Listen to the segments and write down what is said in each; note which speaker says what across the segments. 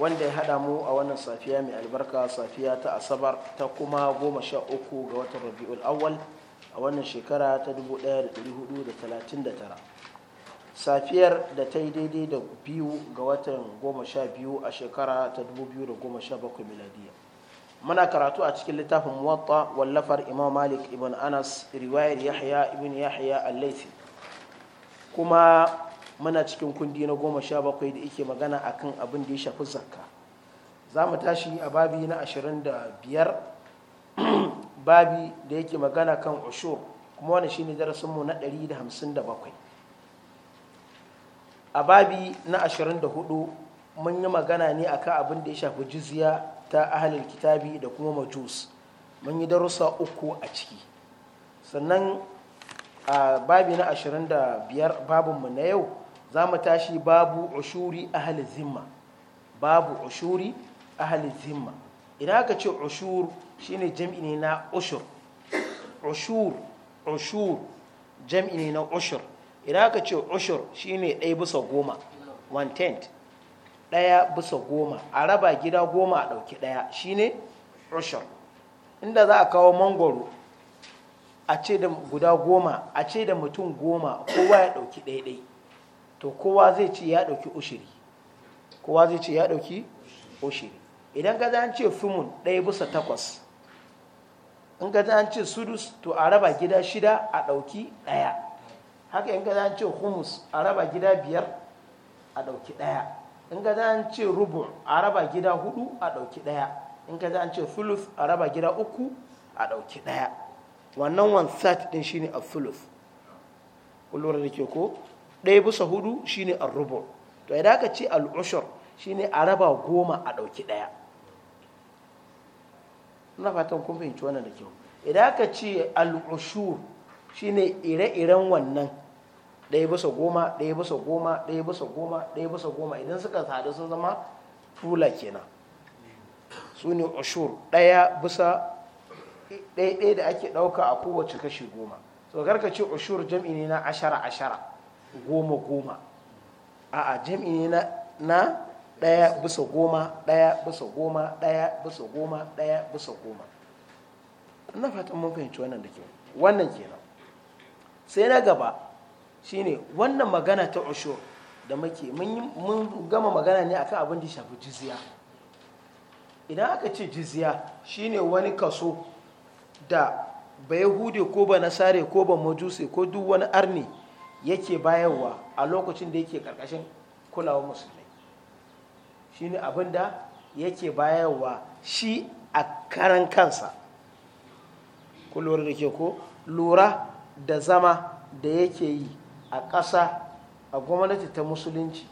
Speaker 1: wanda ya haɗa mu a wannan safiya mai albarka safiya ta asabar ta kuma goma sha uku ga watan rabi'ul awwal a wannan shekara ta 1439 safiyar da ta yi daidai da biyu ga watan goma sha biyu a shekara ta 2017 miladiya muna karatu a cikin littafin muwatta wallafar imam malik ibn anas riwayar yahya ibn yahya al kuma muna cikin kundi na goma sha bakwai da yake magana a kan abin da ya shafi zakka za mu tashi a babi na ashirin da biyar babi da yake magana kan ushur kuma wani shine darasinmu na ɗari da hamsin da bakwai a babi na ashirin da hudu mun yi magana ne a akan abin da ya shafi jiziya ta ahalil kitabi da kuma majus mun yi darussa uku a ciki sannan a babi na ashirin da biyar babinmu na yau za mu tashi babu ushuri ahli zimma babu ushuri ahli zimma idan aka ce ushur ne jam'i ne na ushur ushur ushur jam'i ne na ushur idan aka ce ushur ne ɗaya bisa goma one tenth ɗaya bisa goma a raba gida goma a ɗauki ɗaya Shi ne ushur inda za a kawo mangoro a ce da guda goma a ce da mutum goma kowa ya ɗauki ɗaiɗai to kowa zai ce ya ɗauki ushiri kowa zai ce ya ɗauki ushiri idan ka an ce fumun ɗaya bisa takwas in ka an ce sudus to a raba gida shida a ɗauki ɗaya haka in ka an ce humus a raba gida biyar a ɗauki ɗaya in ka an ce rubu a raba gida hudu a ɗauki ɗaya in ka an ce fulus a raba gida uku a ɗauki ɗaya wannan one third ɗin shine a fulus kullum da ke ko ɗaya bisa hudu shi shine arrubu to idan aka ce al'ushur ne a raba goma a ɗauki ɗaya na fatan kun fahimci wannan da kyau idan aka ce al'ushur shi ne ire-iren wannan ɗaya bisa goma ɗaya bisa goma ɗaya bisa goma ɗaya bisa goma idan suka sadu sun zama fula kenan su ne ushur ɗaya bisa ɗaya da ake ɗauka a kowace kashi goma so karka ce ushur jam'i ne na ashara ashara goma goma a'a a jami'i na ɗaya bisa goma ɗaya bisa goma ɗaya bisa goma ɗaya bisa goma na fatan mun fahimci wannan da ke wannan kenan sai na gaba shine wannan magana ta usho da muke mun gama magana ne akan abin da shafi jizya idan aka ce jizya shine wani kaso da ba hude ko ba nasare ko ba majusi ko duk wani arni yake bayarwa a lokacin da yake karkashin kulawar musulmai shine abin da yake bayarwa shi a karan kansa ku da ke ko lura da zama da yake yi a ƙasa a gwamnati ta musulunci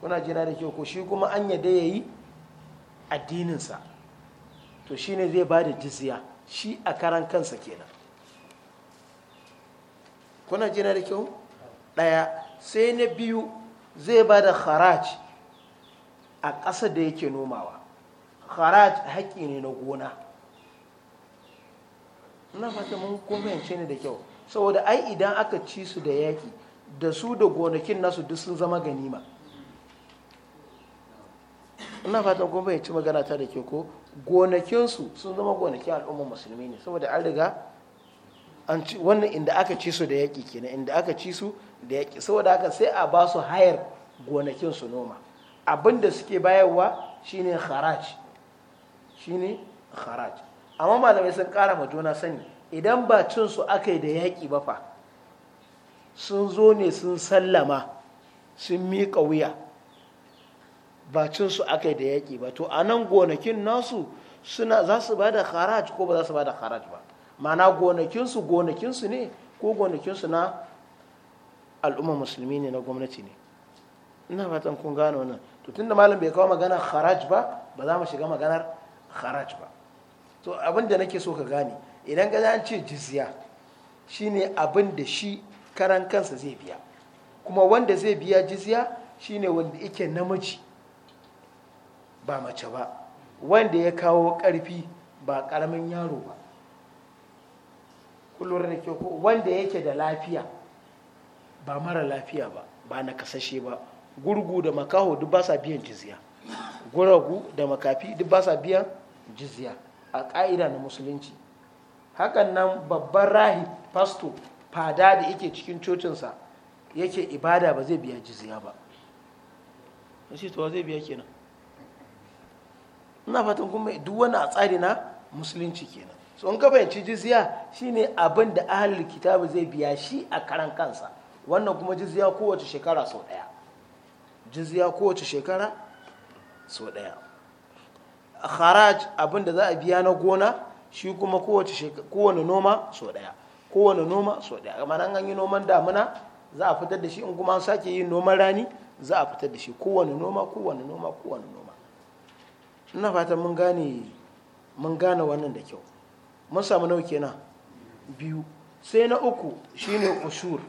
Speaker 1: kuna jira da ke ko shi kuma an yadda ya yi addininsa to shi ne zai ba da jizya shi a karan kansa kenan kuna jina da kyau ɗaya sai na biyu zai ba da haraj a ƙasa da yake nomawa haraj haƙƙi ne na gona ina fata mun yance ne da kyau saboda ai idan aka ci su da yaƙi da su da gonakin nasu duk sun zama ganima ina fatan kun fahimci magana ta da ke ko gonakinsu sun zama gonakin al'ummar musulmi ne saboda an riga an ci wannan inda aka ci su da yaƙi kenan inda aka ci su da yaƙi saboda haka sai a ba su hayar gonakin su noma Abinda suke bayarwa shine kharaj shine kharaj amma malamai sun ƙara ma juna sani idan ba cin su aka yi da yaƙi ba fa sun zo ne sun sallama sun miƙa wuya ba cin su aka yi da yaƙi ba to a nan gonakin nasu suna za su ba da kharaj ko ba za su ba da kharaj ba ma'ana gonakinsu gonakinsu ne ko gonakinsu na al'umma musulmi ne na gwamnati ne ina fatan kun gano nan. to tunda malam bai kawo maganar haraj ba ba za mu shiga maganar haraj ba to abin da nake so ka gane idan ka an ce jizya shine abin da shi karan kansa zai biya kuma wanda zai biya jizya shine wanda yake namiji ba mace ba wanda ya kawo karfi ba karamin yaro ba kullum da ke wanda yake da lafiya ba mara lafiya ba ba na kasashe ba gurgu da makaho duk ba sa biyan jizya guragu da makafi duk ba sa biyan jizya a ka'ida na musulunci hakan nan babban rahi fasto fada da yake cikin cocinsa yake ibada ba zai biya jizya ba zai biya kenan ina fatan kuma duk wani a tsari na musulunci kenan so in ka fahimci jizya shine abin da ahlul kitabu zai biya shi a karan kansa wannan kuma jizya kowace shekara sau daya jizya kowace shekara sau daya haraj abin da za a biya na gona shi kuma kowace kowane noma sau daya kowane noma sau daya kamar an yi noman damuna za a fitar da shi in kuma an sake yin noman rani za a fitar da shi kowane noma kowane noma kowane noma ina fatan mun gane mun gane wannan da kyau mun samu nawa kenan biyu sai na uku shine ushur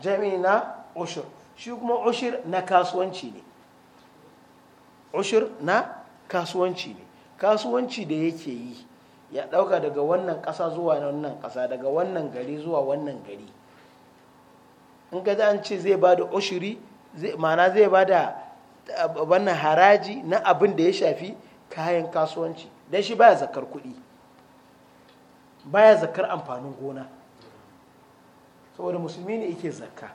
Speaker 1: jami'i na ushur shi kuma ushur na kasuwanci ne ushur na kasuwanci ne kasuwanci da yake yi ya dauka daga wannan kasa zuwa wannan kasa daga wannan gari zuwa wannan gari in ga an ce zai ba da ushuri ma'ana zai ba da wannan haraji na abin da ya shafi kayan kasuwanci don shi baya zakar kuɗi baya zakar amfanin gona saboda musulmi ne yake zakka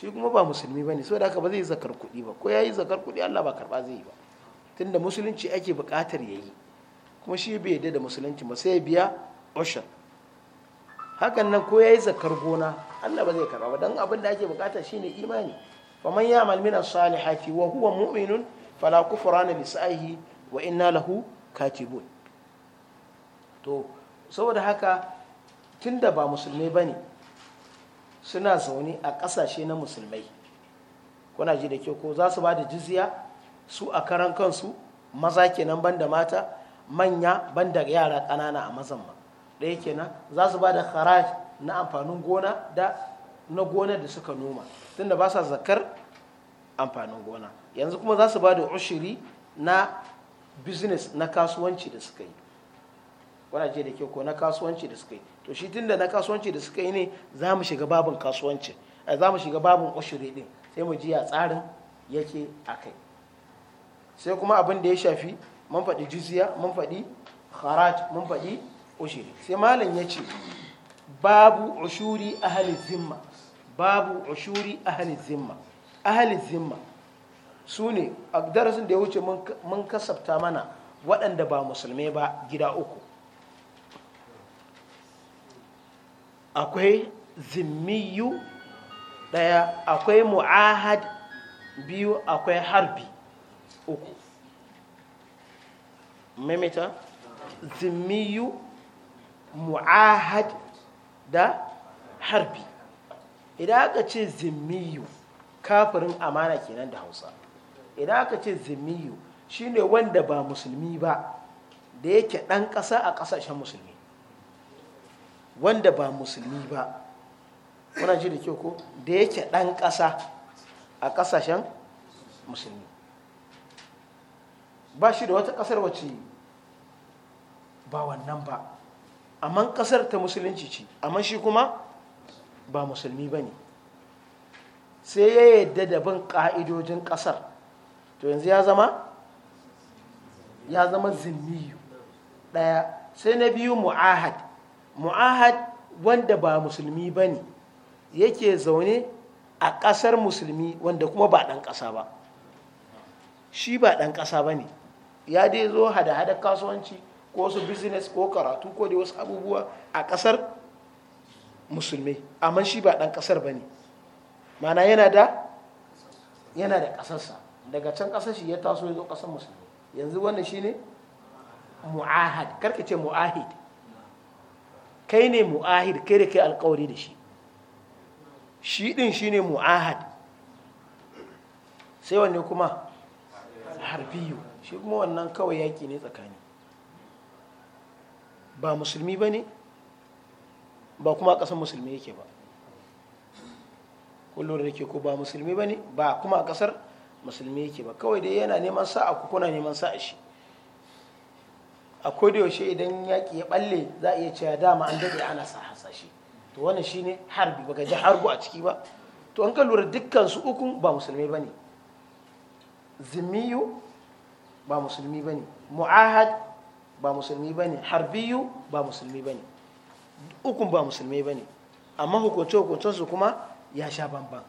Speaker 1: shi kuma ba musulmi ba ne saboda haka ba zai zakar kuɗi ba ko ya yi zakar kuɗi allah ba karba zai yi ba tunda musulunci ake buƙatar ya yi kuma shi bai yadda da musulunci ba sai biya ocean hakan nan ko ya yi zakar gona allah ba zai karɓa ba don abin da ake buƙata shine imani faman ya malmina salihati wa huwa mu'minun fala kufrana bi sa'ihi wa inna lahu katibun to saboda haka tunda ba musulmai ba ne suna zaune a ƙasashe na musulmai kuna ji da kyau ko za su ba da jizya su a karan kansu maza kenan banda mata manya banda yara ƙanana a mazan ma ɗaya kenan za su ba da haraj na amfanin gona da na gona da suka noma tunda ba sa zakar amfanin gona yanzu kuma za su ba da ushiri na business na kasuwanci da suka yi kuna da kyau ko na kasuwanci da suka yi to shi tunda na kasuwanci da suka yi ne za mu shiga babin kasuwanci za mu shiga babin ushuri din sai mu ji a tsarin yake a kai sai kuma abin da ya shafi mun faɗi jizya mun faɗi haraj mun faɗi ushuri sai malam ya ce babu ushuri ahli zimma babu ushuri ahli zimma ahli zimma su ne a darasin da ya wuce mun kasafta mana waɗanda ba musulmai ba gida uku akwai zimmiyu ɗaya akwai mu'ahad biyu akwai harbi uku maimaita zimmiyu mu'ahad da harbi idan aka ce zimmiyu kafirin amana kenan da hausa idan aka ce zimmiyu shine wanda ba musulmi ba da yake ɗan ƙasa a ƙasashen musulmi wanda ba musulmi ba muna ji da kyau ko da yake ɗan ƙasa a ƙasashen musulmi ba shi da wata ƙasar wacce ba wannan ba amma ƙasar ta musulunci ce amma shi kuma ba musulmi ba ne sai ya yadda da bin ƙa'idojin ƙasar to yanzu ya zama ya zama ɗaya sai na biyu mu'ahad mu'ahad wanda ba musulmi ba ne yake zaune a ƙasar musulmi wanda kuma ba ɗan ƙasa ba shi ba ɗan ƙasa ba ne ya dai zo hada-hada kasuwanci ko su business ko karatu ko dai wasu abubuwa a ƙasar musulmi amma shi ba ɗan ƙasar ba ne mana yana da yana da ƙasarsa daga can ƙasar shi ya taso ya zo ƙasar musulmi yanzu wannan shi ne mu'ahad karka ce mu'ahid kai ne mu'ahid kai da kai alkawari da shi shi din shi ne mu'ahad sai wanne kuma harbiyu shi kuma wannan kawai yaƙi ne tsakani ba musulmi ba ne ba kuma ƙasar musulmi yake ba kullum da ke ko ba musulmi ba ne ba kuma a ƙasar musulmi yake ba kawai dai yana neman sa'a ku kuna neman sa'a shi a yaushe idan yaƙi ya balle za a iya cewa dama an daɗe ana sa hasashe to shi shine harbi ba ji harbu a ciki ba to an ka lura dukkan su ukun ba musulmi ba ne zimiyu ba musulmi ba ne mu'ahad ba musulmi ba ne harbiyu ba musulmi ba ne ukun ba musulmi ba ne amma hukunce su kuma ya sha bamban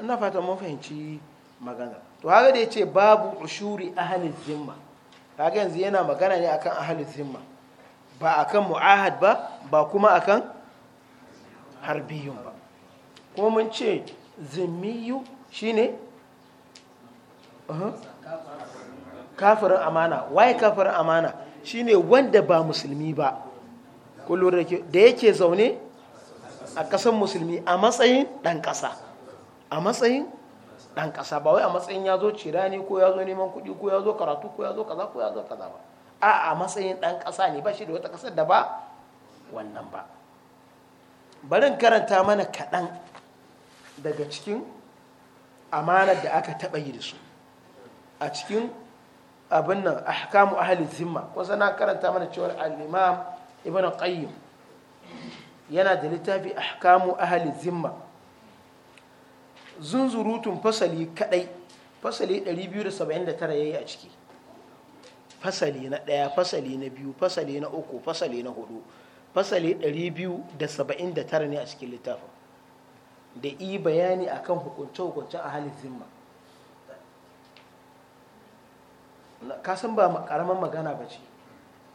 Speaker 1: ina fata mun fahimci magana to haka da ya ce babu ushuri ahli zimma kaga yanzu yana magana ne akan ahli zimma ba akan mu'ahad ba ba kuma akan harbiyun ba kuma mun ce zimmiyu shine uh-huh, kafirin amana wai kafirin amana shine wanda ba musulmi ba da yake zaune a ƙasar musulmi a matsayin ɗan ƙasa a matsayin dan kasa ba wai a matsayin ya zo cirani ko ya zo neman kuɗi ko ya zo karatu ko ya zo kaza ko ya zo kaza ba a a matsayin dan kasa ne ba shi da wata kasar da ba wannan ba barin karanta mana kaɗan daga cikin amanar da aka taɓa yi da su a cikin abin nan ahkamu ahli zimma kun na karanta mana cewar al-imam ibn qayyim yana da littafi ahkamu ahli zimma zunzurutun fasali kadai fasali 279 yayi a ciki fasali na ɗaya fasali na biyu fasali na uku fasali na hudu fasali 279 ne a cikin littafin da yi bayani akan hukunce-hukunce a halin zimma kasan ba karamin magana ba ce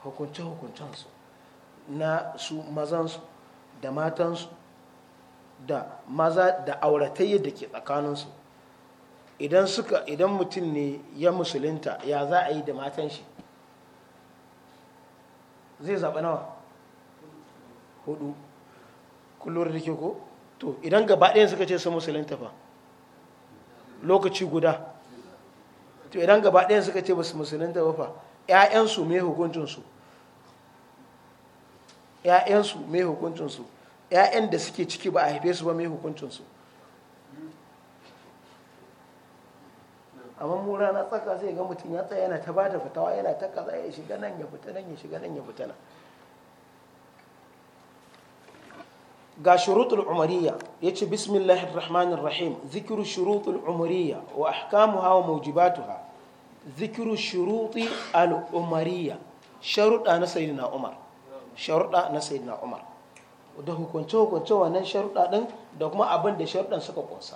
Speaker 1: hukunce-hukuncensu na su mazansu da matansu da maza da auratayyar da ke tsakaninsu idan suka idan mutum ne ya musulunta ya za a yi da matan shi zai zaɓa nawa hudu kullum da ke ko to idan gaba ɗaya suka ce su musulunta fa lokaci guda to idan gaba ɗaya suka ce ba su musulunta ba fa ‘ya'yansu mai hukuncinsu ‘ya'yansu mai hukuncinsu 'ya'yan da suke ciki ba a haife su ba mai hukuncinsu amma mu rana tsaka sai ga mutum ya tsaya yana ta ba da fitawa yana ta kaza ya shiga nan ya fita nan ya shiga nan ya fita nan ga shurutul umariya ya ce bismillahir rahmanir rahim zikiru shurutul umariya wa ahkamu hawa mawjibatuha zikiru shuruti al umariya sharuɗa na sayyidina umar sharuɗa na sayyidina umar da hukunce-hukunce wannan sharuɗa ɗin da kuma abin da sharuɗan suka ƙunsa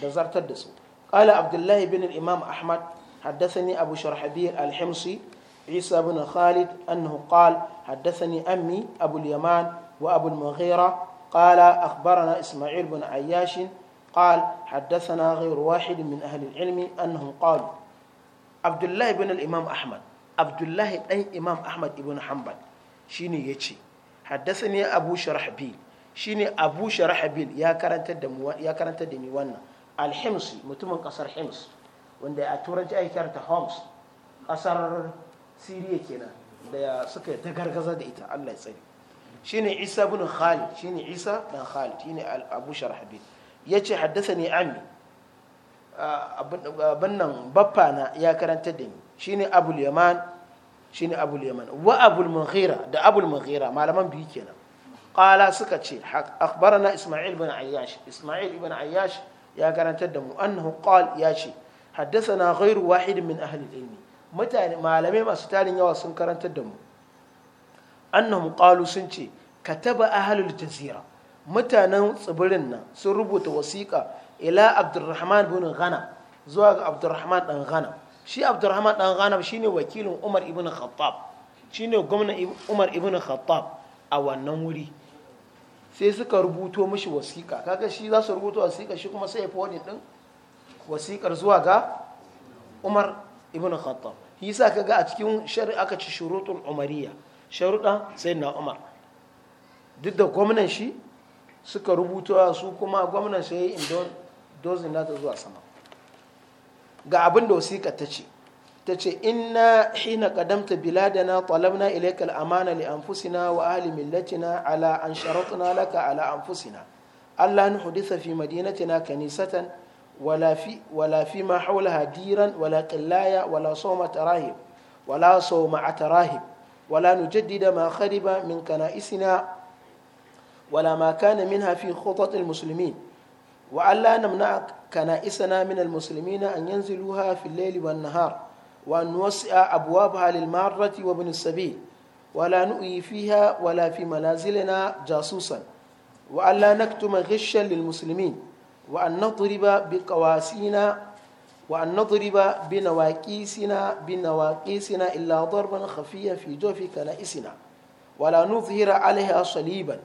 Speaker 1: da zartar da su ƙala abdullahi bin imam ahmad haddasani abu sharhabiyar alhimsi isa bin khalid annahu qal haddasani ammi abu yaman wa abu mughira qala akhbarana isma'il bin ayyashin qal haddasana ghayr wahid min ahli ilmi annahum qalu abdullahi bin imam ahmad abdullahi dan imam ahmad ibn hanbal shine yace haddasani abu sharhabil shine abu sharhabil ya karantar da ya karantar da ni wannan alhimsi mutumin kasar hims wanda a turanci ake karanta homs kasar siriya kenan da suka ta gargaza da ita Allah ya tsare shine isa bin khalid shine isa dan khalid shine abu sharhabil yace haddasani ammi abin nan baffa na ya karantar da ni shine abul yaman shine abul yaman wa abul mughira da abul mughira malaman biyu kenan qala suka ce akhbarana isma'il ibn ayyash isma'il ibn ayyash ya karantar da mu annahu qal ya ce haddathana ghairu wahid min ahli ilmi mutane malamai masu tarin yawa sun karantar da mu annahum qalu sun ce kataba ahlul jazira mutanen tsibirin nan sun rubuta wasiƙa ila abdurrahman bin ghana zuwa ga abdurrahman dan ghana shi abdurrahman dan ghanam shine wakilin umar ibn khattab shine gwamnan umar ibn khattab a wannan wuri sai suka rubuto mishi wasiƙa kaga shi za su rubuto wasiƙa shi kuma sai ya fi wani ɗin wasiƙar zuwa ga umar ibn khattab yasa kaga a cikin shari aka ci shurutul umariya sharuɗa sai na umar duk da gwamnan shi suka rubuto su kuma gwamnan sai ya yi indozin nata zuwa sama ga abin da wasiƙa ta ce ta ce inna hina qadamta biladana talabna ilayka al-amana li anfusina wa ahli millatina ala an sharatna laka ala anfusina alla hudisa fi madinatina kanisatan wala fi wala fi ma hawlaha diran wala qillaya wala sawma tarahib wala sawma atarahib wala nujaddida ma khariba min kanaisina wala ma kana minha fi khutat al-muslimin وألا نمنع كنائسنا من المسلمين أن ينزلوها في الليل والنهار وأن نوسع أبوابها للمارة وابن السبيل ولا نؤي فيها ولا في منازلنا جاسوسا وألا نكتم غشا للمسلمين وأن نضرب بقواسينا وأن نضرب بنواكيسنا بنواقيسنا إلا ضربا خفيا في جوف كنائسنا ولا نظهر عليها صليبا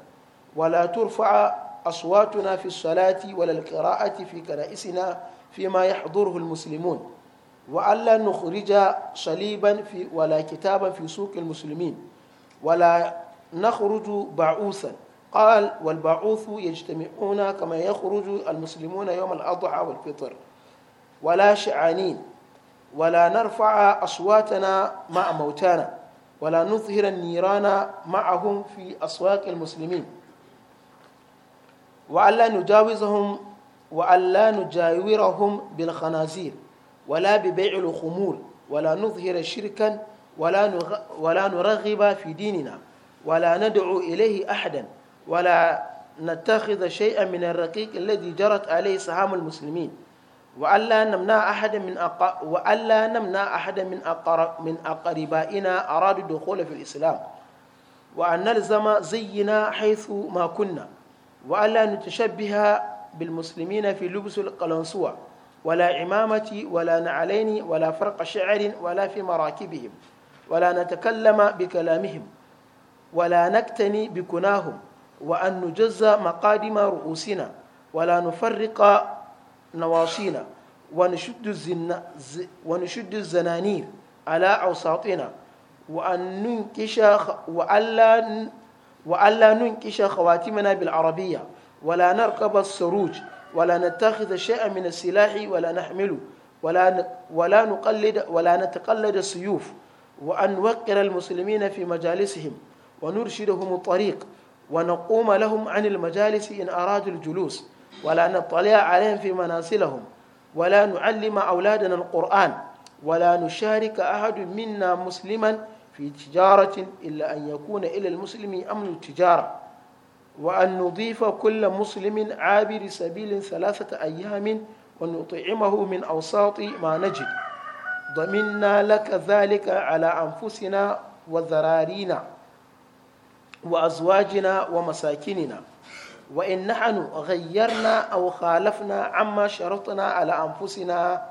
Speaker 1: ولا ترفع أصواتنا في الصلاة ولا القراءة في كنائسنا فيما يحضره المسلمون وألا نخرج صليبا في ولا كتابا في سوق المسلمين ولا نخرج بعوثا قال والبعوث يجتمعون كما يخرج المسلمون يوم الأضحى والفطر ولا شعانين ولا نرفع أصواتنا مع موتانا ولا نظهر النيران معهم في أسواق المسلمين وألا نجاوزهم وألا نجاورهم بالخنازير ولا ببيع الخمور ولا نظهر شركا ولا نغ... ولا نرغب في ديننا ولا ندعو إليه أحدا ولا نتخذ شيئا من الرقيق الذي جرت عليه سهام المسلمين وألا نمنع أحدا من أق... وألا نمنع أحدا من أقر... من أقربائنا أرادوا الدخول في الإسلام وأن نلزم زينا حيث ما كنا وألا نتشبه بالمسلمين في لبس القلنسوة ولا عمامة ولا نعلين ولا فرق شعر ولا في مراكبهم ولا نتكلم بكلامهم ولا نكتني بكناهم وأن نجزى مقادم رؤوسنا ولا نفرق نواصينا ونشد, الزن... ز... ونشد الزنانير على أوساطنا وأن ننكش وألا وألا ننكش خواتمنا بالعربية ولا نركب السروج ولا نتخذ شيئا من السلاح ولا نحمله ولا ولا نقلد ولا نتقلد السيوف وأن نوقر المسلمين في مجالسهم ونرشدهم الطريق ونقوم لهم عن المجالس إن أرادوا الجلوس ولا نطلع عليهم في مناسلهم ولا نعلم أولادنا القرآن ولا نشارك أحد منا مسلما في تجارة إلا أن يكون إلى المسلم أمن التجارة وأن نضيف كل مسلم عابر سبيل ثلاثة أيام ونطعمه من أوساط ما نجد ضمنا لك ذلك على أنفسنا وذرارينا وأزواجنا ومساكننا وإن نحن غيرنا أو خالفنا عما شرطنا على أنفسنا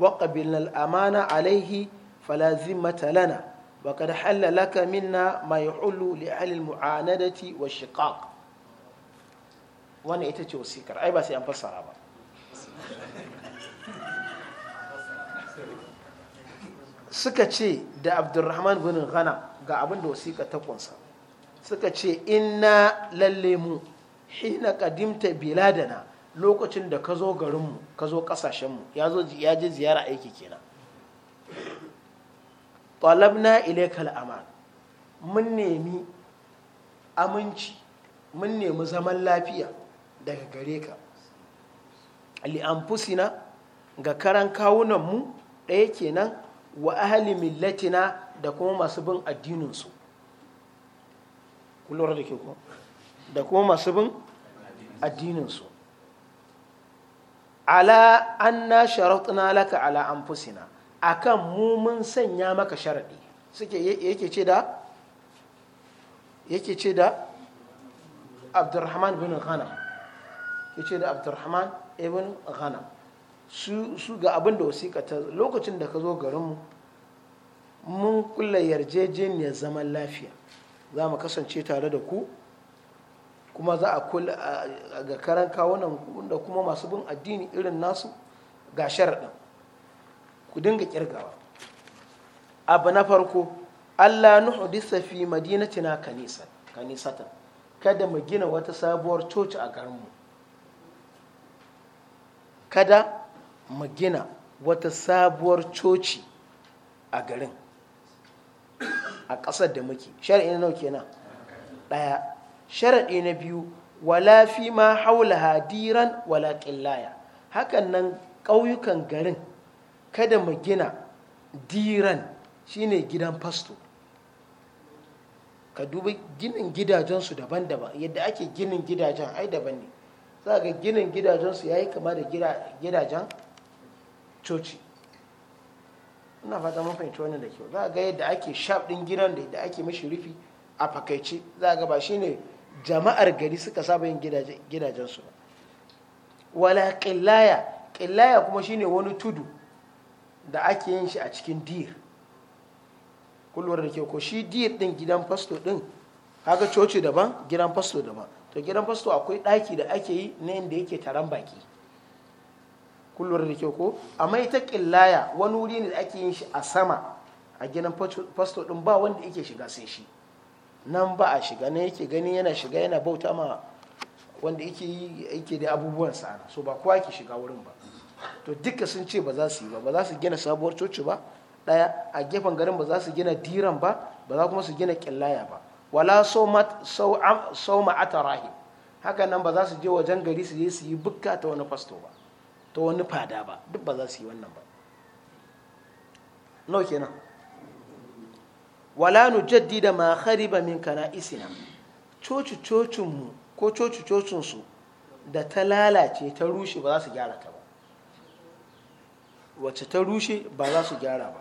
Speaker 1: وقبلنا الأمان عليه فلا ذمة لنا وقد حل لك منا ما يحل لأهل المعاندة والشقاق وانا اتتي وسيكر اي بس ينفسر ابا suka ce da abdulrahman bin ghana ga abin da wasiƙa ta kunsa suka ce inna lalle mu hina kadimta biladana lokacin da ka zo garinmu ka zo ƙasashenmu ya je ziyara aiki kenan talabna ilaikal aman mun nemi aminci mun nemi zaman lafiya daga gare ka li'anfusina ga karan kawunanmu ɗaya kenan wa ahali millatina da kuma masu bin addininsu kullum da ke ku da kuma masu bin addininsu ala an na sharaɗina laka ala anfusina akan mu mun sanya maka sharaɗi suke yake ce da yake ce da abdurrahman bin ghana ce da abdurrahman ibn ghana su ga abin da wasiƙa ta lokacin da ka zo garinmu mun kulle yarjejeniyar zaman lafiya za mu kasance tare da ku kuma za a kula ga karanka kuma masu bin addini irin nasu ga sharaɗin ku dinga kirgawa abu na farko allah nuhu fi madinatina kanisata. kada mu gina wata sabuwar coci a garinmu kada mu gina wata sabuwar coci a garin a ƙasar da muke shari'in na nauke ɗaya shari'i na biyu wala fi ma haula hadiran wala ƙillaya hakan nan ƙauyukan garin kada mu gina diran shine gidan fasto ka dubi ginin gidajensu daban-daban yadda ake ginin gidajen ai daban ne za ga ginin gidajensu ya yi kama da gidajen coci ina fata mun fahimci wannan da kyau za ga yadda ake shaf din gidan da yadda ake mashi rufi a fakaici za ga ba shine jama'ar gari suka saba yin gidajensu ba wala qillaya qillaya kuma shine wani tudu da ake yin shi a cikin dir kullum da ke ko shi dir din gidan fasto din haka coci daban gidan fasto daban to gidan fasto akwai daki da ake yi na inda yake taron baki kullum da ke ko mai ta kilaya wani wuri ne da ake yin shi a sama a gidan fasto din ba wanda yake shiga sai shi nan ba a shiga na yake gani yana shiga yana bauta ma wanda yake yi yake da abubuwan sana so ba kowa ke shiga wurin ba to duka sun ce ba za su yi ba ba za su gina sabuwar coci ba daya a gefen garin ba za su gina diran ba ba za kuma su gina kyallaya ba wala sauma ata rahim haka nan ba za su je wajen gari su je su yi bukka ta wani fasto ba ta wani fada ba duk ba za su yi wannan ba nau kenan wala nu jaddida ma khariba min kana isina coci cocinmu ko coci cocinsu da ta lalace ta rushe ba za su gyara ta ba wacce ta rushe ba za su gyara ba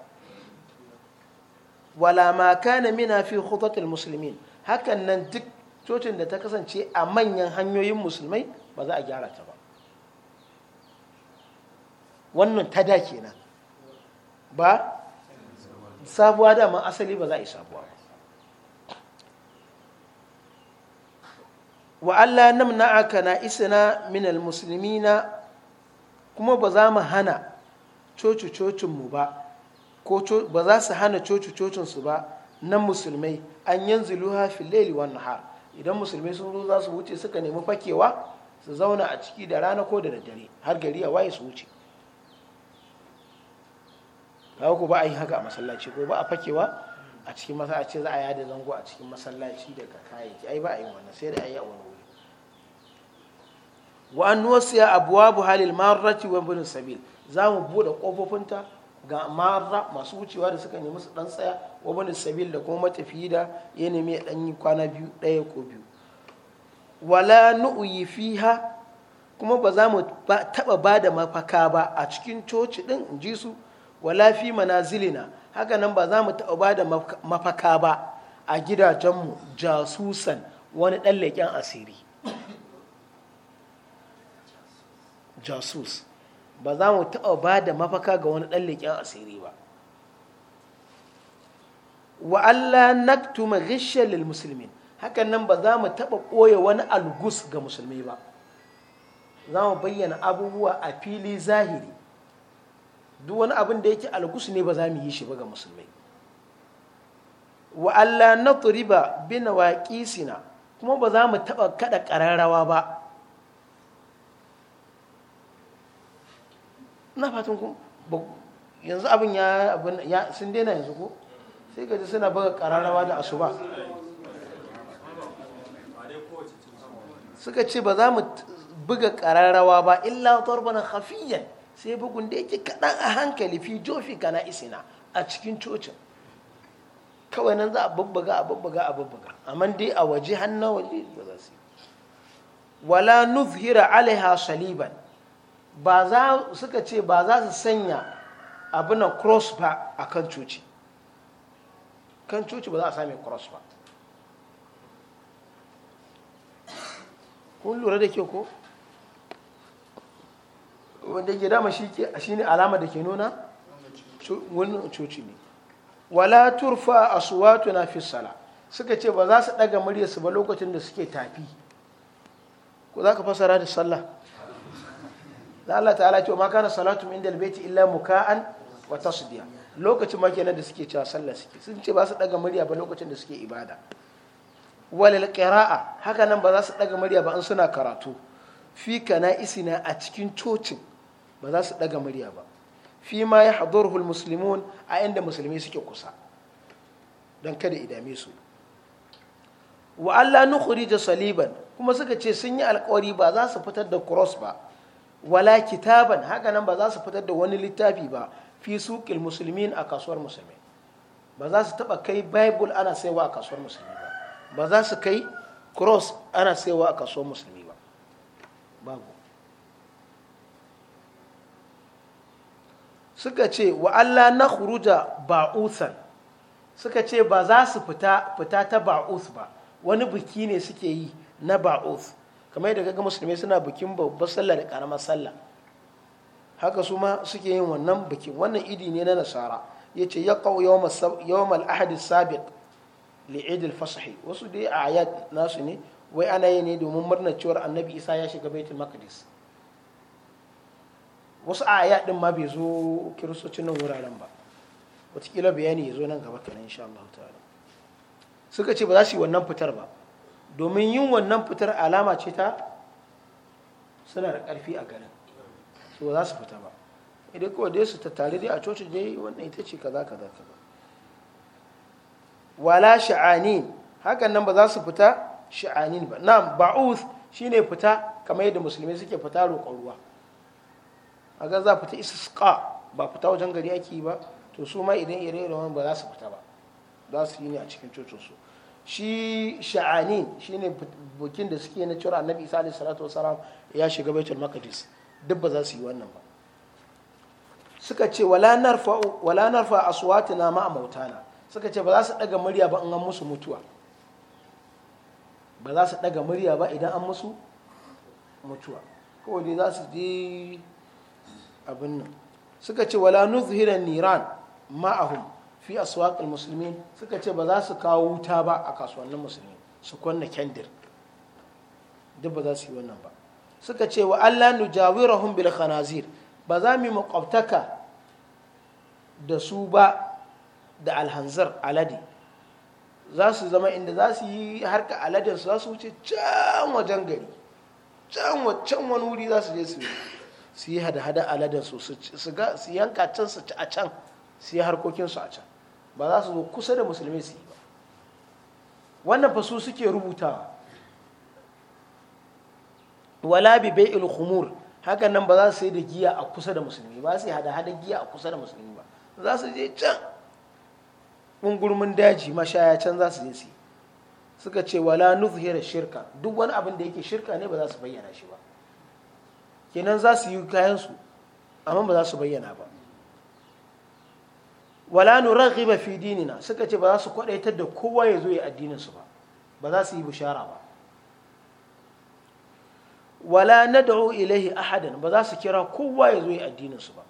Speaker 1: wala ma kana mina fi khutatil muslimin hakan nan duk cocin da ta kasance a manyan hanyoyin musulmai ba za a gyara ta ba wannan ta da kenan ba sabuwa dama asali ba za a yi sabuwa ba wa Allah namna'aka na isna minal muslimina kuma ba za mu hana cocin cocinmu ba ko ba za su hana cocin cocinsu ba na musulmai an yanzu luha fileli wa nahar idan musulmai sun zo za su wuce suka nemi fakewa su zauna a ciki da rana ko da daddare har gari ya waye su wuce ba ku ba a yi haka a masallaci ko ba a fakewa a cikin masallaci ce za a yada zango a cikin masallaci daga kayayyaki ai ba a yi wannan sai da a yi a wani wuri wa an nuwasiya abuwa buhalil marrati wa bin sabil za mu buɗe ƙofofinta ga mara masu wucewa da suka nemi su ɗan tsaya wa sabil da kuma matafiyi da ya nemi ya ɗanyi kwana biyu ɗaya ko biyu wala nu'uyi fiha kuma ba za mu taɓa ba da mafaka ba a cikin coci ɗin in ji su wala fi manazilina haka nan ba za mu taɓa ba da mafaka ba a gidajenmu jasusan wani ɗan leƙen asiri jasus ba za mu taɓa ba da mafaka ga wani ɗan leƙen asiri ba wa Allah naktuma ghishya lil musulmi hakan nan ba za mu taɓa ɓoye wani algus ga musulmi ba za mu bayyana abubuwa a fili zahiri duk wani abin da yake algus ne ba za mu yi shi ba ga musulmai wa Allah naturiba bi sina. kuma ba za mu taɓa kaɗa ƙararrawa ba ina fatan ku yanzu abin ya sun daina yanzu ko sai gaji suna buga kararrawa da asuba suka ce ba za mu buga kararrawa ba illa torbanan hafiyan sai bugun da yake kaɗan a hankali fi jofi kana isina a cikin cocin kawai nan za a babbaga a babbaga a babbaga amma dai a waje hannun waje ba za su yi wala nuzhira alaiha saliban ba za suka ce ba za su sanya abu na cross ba a kan coci kan coci ba za a sami cross ba kun lura da ke ko wanda ke dama shi ne alama da ke nuna wannan coci ne wala turfa aswatu na fi sala suka ce ba za su daga muryarsu ba lokacin da suke tafi ko za ka fasara da sallah da Allah ta'ala ce ma kana salatu min dal baiti illa muka'an wa tasdiya lokacin ma kenan da suke cewa sallah suke sun ce ba su daga murya ba lokacin da suke ibada walil qira'a haka nan ba za su daga murya ba in suna karatu fi kana isina a cikin cocin ba za su daga murya ba fi ma ya hadurhul muslimun a inda musulmi suke kusa don kada idame su wa Allah nukhri da saliban kuma suka ce sun yi alkawari ba za su fitar da cross ba wala kitaban haka nan ba za su fitar da wani littafi ba fi suƙil muslimin a kasuwar musulmi ba za su taba kai bible ana saiwa a kasuwar musulmi ba ba za su kai cross ana saiwa a kasuwar musulmi ba babu suka ce wa Allah na huruja ba'usan suka ce ba za su fita fita ta ba'us ba wani biki ne suke yi na ba'us kamar yadda kaga musulmai suna bikin babbar sallah da karamar sallah haka su ma suke yin wannan bikin wannan idi ne na nasara yace yaqau yawm al-ahad as-sabiq li fasahi wasu dai a ayat nasu ne wai ana yi ne domin murnar cewar annabi isa ya shiga baitul maqdis wasu a ayat din ma bai zo kiristocin nan wuraren ba watakila bayani ya zo nan gaba kanan insha Allah ta'ala suka ce ba za su yi wannan fitar ba domin yin wannan fitar alama ce ta suna da ƙarfi a garin so za su fita ba idan kawai dai su tattare dai a cocin ne wannan ita ce kaza kaza kaza wala sha'anin hakan nan ba za su fita sha'anin ba na ba'uth shine fita kamar yadda musulmi suke fita roƙon ruwa a za fita suka ba fita wajen gari ake yi ba to su ma idan ire wani ba za su fita ba za su yi ne a cikin cocinsu shi sha'anin ne bukin da suke na cewa annabi isa alaihi salatu wasalam ya shiga baitul maqdis duk ba za su yi wannan ba suka ce wala narfa wala narfa aswatina ma mautana suka ce ba za su daga murya ba in an musu mutuwa ba za su daga murya ba idan an musu mutuwa kawai dai za su je abin nan suka ce wala nuzhiran niran ma'ahum fi aswaqil musulmi suka ce ba za su kawo wuta ba a kasuwannin musulmi su kunna kendir duk ba za su yi wannan ba suka ce wa Allah nujawirahum bil khanazir ba za mu makwabtaka da su ba da alhanzar alade za su zama inda za su yi harka aladen su za su wuce can wajen gari can wani wuri za su je su su yi hada-hada aladen su su yanka can su a can su yi harkokinsu a can ba za su zo kusa da musulmi su yi ba wannan fasu suke rubuta wala bi bai'il khumur hakan nan ba za su yi da giya a kusa da musulmi ba su hada hada giya a kusa da musulmi ba za su je can ungurmin daji mashaya can za su je su suka ce wala nuzhira shirka duk wani abin da yake shirka ne ba za su bayyana shi ba kenan za su yi kayan su amma ba za su bayyana ba wala nuraghiba fi dinina suka ce ba za su kwadaitar da kowa ya zo ya addinin su ba ba za su yi bishara ba wala nad'u ilaihi ahadan ba za su kira kowa ya zo ya addinin su ba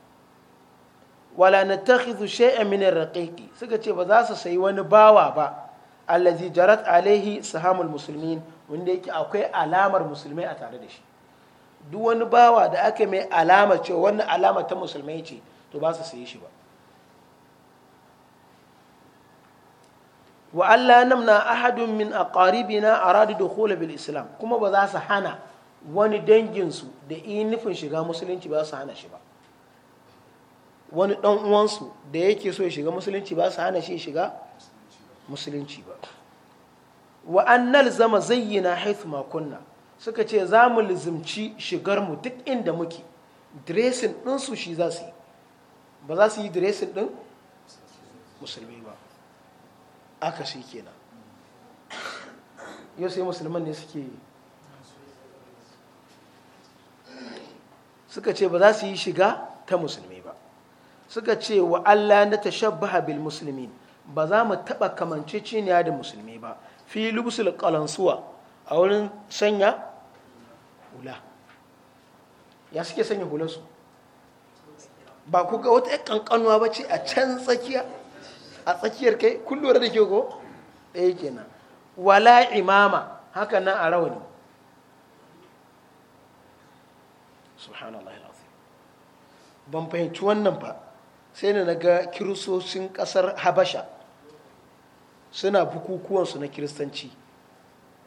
Speaker 1: wala nattakhidhu shay'an min ar-raqiqi suka ce ba za su sayi wani bawa ba allazi jarat alaihi sahamul muslimin wanda yake akwai alamar musulmai a tare da shi duk wani bawa da aka mai alama ce wannan alama ta musulmai ce to ba su sayi shi ba wa Allah namna ahadun min aqaribina aradu dukhula bil islam kuma ba za su hana wani dangin su da in nufin shiga musulunci ba su hana shi ba wani dan uwansu da yake so ya shiga musulunci ba su hana shi shiga musulunci ba wa an nalzama zayyana haithu ma kunna suka ce za mu lizimci shigar mu duk inda muke dressing ɗinsu shi za su yi ba za su yi dressing din musulmi ba aka shi kenan yau sai musulman ne suke suka ce ba za su yi shiga ta musulmi ba suka ce wa Allah na tashabbaha bil musulmi ba za mu taɓa ciniya da musulmi ba fi lubusul kalansuwa a wurin sanya hula ya suke sanya hulansu ba ku ga wata ƙanƙanuwa ba ce a can tsakiya a tsakiyar kai kun lura da ke ko ɗaya eh, nan wala imama haka nan a rawani ban fahimci wannan ba sai na ga kirisosin kasar habasha suna bukukuwansu na kiristanci